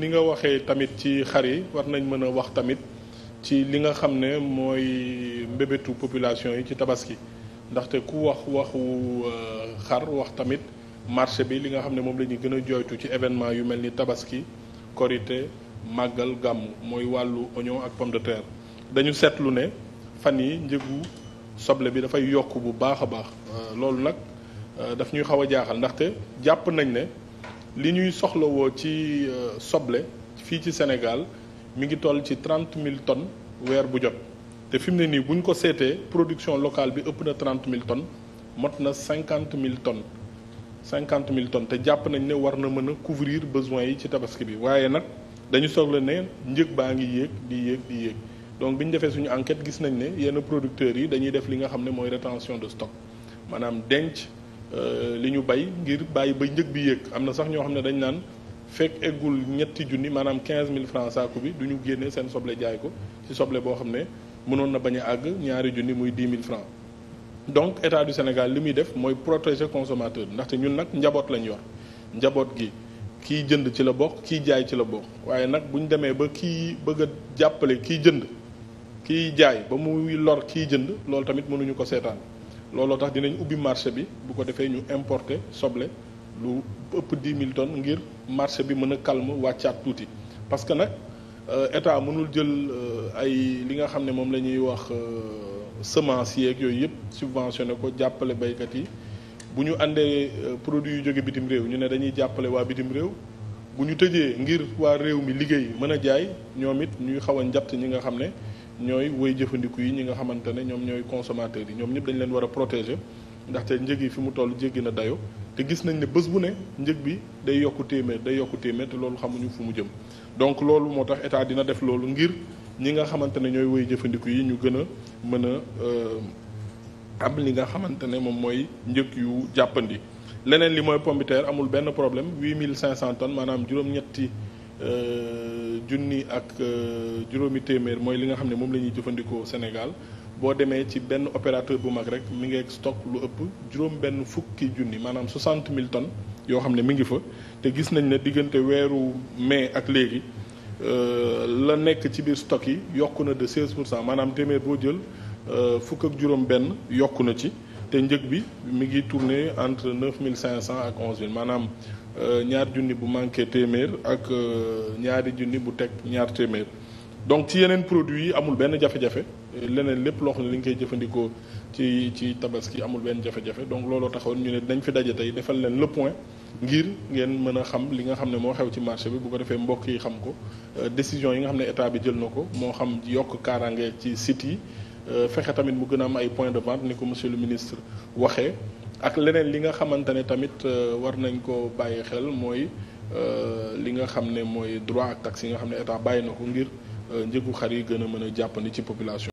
ni nga waxee tamit ci xar yi war nañ mën a wax tamit ci li nga xam ne mooy mbébétu population yi ci tabaski ndaxte ku wax waxu euh, xar wax tamit marché bi li nga xam ne moom la ñuy gën a jooytu ci événement yu mel ni tabaski korité màggal gàmmu mooy wàllu oignon ak pomme de terre dañu seetlu ne fan yi njëgu soble bi dafay yokk bu baax a baax euh, loolu nag euh, daf ñuy xaw a jaaxal ndaxte jàpp nañ ne li ñuy soxlawoo ci euh, soble fii ci Sénégal mu ngi toll ci trente mille tonnes weer bu jot te fi mu ne nii buñ ko seetee production locale bi ëpp na trente mille tonnes mot na cinquante mille tonnes cinquante mille te jàpp nañ ne war na mën a couvrir besoin yi ci tabaski bi waaye nag dañu soble ne njëg baa ngi yéeg di yéeg di yéeg donc bi ñu defee suñu enquête gis nañ ne yenn producteurs yi dañuy def li nga xam ne mooy rétention de stock maanaam denc. Euh, li ñu bay ngir bàyyi ba njëg bi yéeg am na sax ñoo xam ne dañ naan fekk eggul ñetti junni maanaam quinze 15000 francs saaku bi du ñu génnee seen soble jaay ko ci soble boo xam ne mënoon na bañ a àgg ñaari junni muy 10000 francs donc état du Sénégal li muy def mooy protéger consommateur ndaxte ñun nag njaboot lañ yor njaboot gi kiy jënd ci la bokk kiy jaay ci la bokk waaye nag bu ñu demee ba kii bëgga jàppale kiy jënd kiy jaay ba muy lor kiy jënd loolu tamit mënuñu ko seetaan. looloo tax dinañ ubbi marché bi bu ko defee ñu importer soble lu ëpp di 000 tonnes ngir marché bi mën a calme wàccaat tuuti parce que nag euh, état mënul jël euh, ay li nga xam ne moom la ñuy wax euh, semence yeeg yooyu yëpp subventionné ko jàppale baykat yi bu ñu àndee produit yu jóge bitim réew ñu ne dañuy jàppale waa bitim réew bu ñu tëjee ngir waa réew mi liggéey mën a jaay ñoom it ñuy xaw a ñi nga xam ne ñooy woy jëfandiku yi ñi nga xamante ne ñoom ñooy consommateurs yi ñoom ñëpp dañ leen war a protéger ndaxte njëg yi fi mu toll jéggi na dayo te gis nañ ne bés bu ne njëg bi day yokku téeméer day yokku téeméer te loolu xamuñu fu mu jëm donc loolu moo tax état dina def loolu ngir ñi nga xamante ne ñooy woy jëfandiku yi ñu gën a mën a euh, am li nga xamante ne moom mooy njëg yu jàppandi leneen li mooy pomme de terre amul benn problème mille cinq cent ton maanaam juróom-ñetti Euh, junni ak euh, juróomi téeméer mooy li nga xam ne moom la ñuy jëfandikoo Sénégal boo demee ci benn opérateur bu mag rek mi ngi ak stock lu ëpp juróom benn fukki junni maanaam 60 000 tonnes yoo xam ne mi ngi fa te gis nañ ne diggante weeru mai ak léegi euh, la nekk ci biir stock yi yokk na de 16 pour cent maanaam téeméer boo jël fukk ak juróom benn yokku na ci te njëg bi mi ngi tourner entre neuf mille cinq cent ak onze mille maanaam euh, ñaar junni bu manqué téeméer ak euh, ñaari junni bu teg ñaar téeméer donc ci yeneen produit yi amul benn jafe-jafe leneen lépp loo xam ne li nga koy jëfandikoo ci ci tabaski amul benn jafe-jafe donc looloo taxoon ñu ne dañ fi daje tey defal leen le point ngir ngeen mën a xam li nga xam ne moo xew ci marché bi bu ko defee mbokk yi xam ko euh, décision yi nga xam ne état bi jël na ko moo xam yokk kaaraange ci site Euh, fexe tamit mu gën a am ay point de vente ni ko monsieur le ministre waxee ak leneen li nga xamante ne tamit euh, war nañ ko bàyyi xel mooy euh, li nga xam ne mooy droit ak taxe nga xam ne état bàyyi na ko ngir njëgu xar yi gën a mën a jàppandi ci population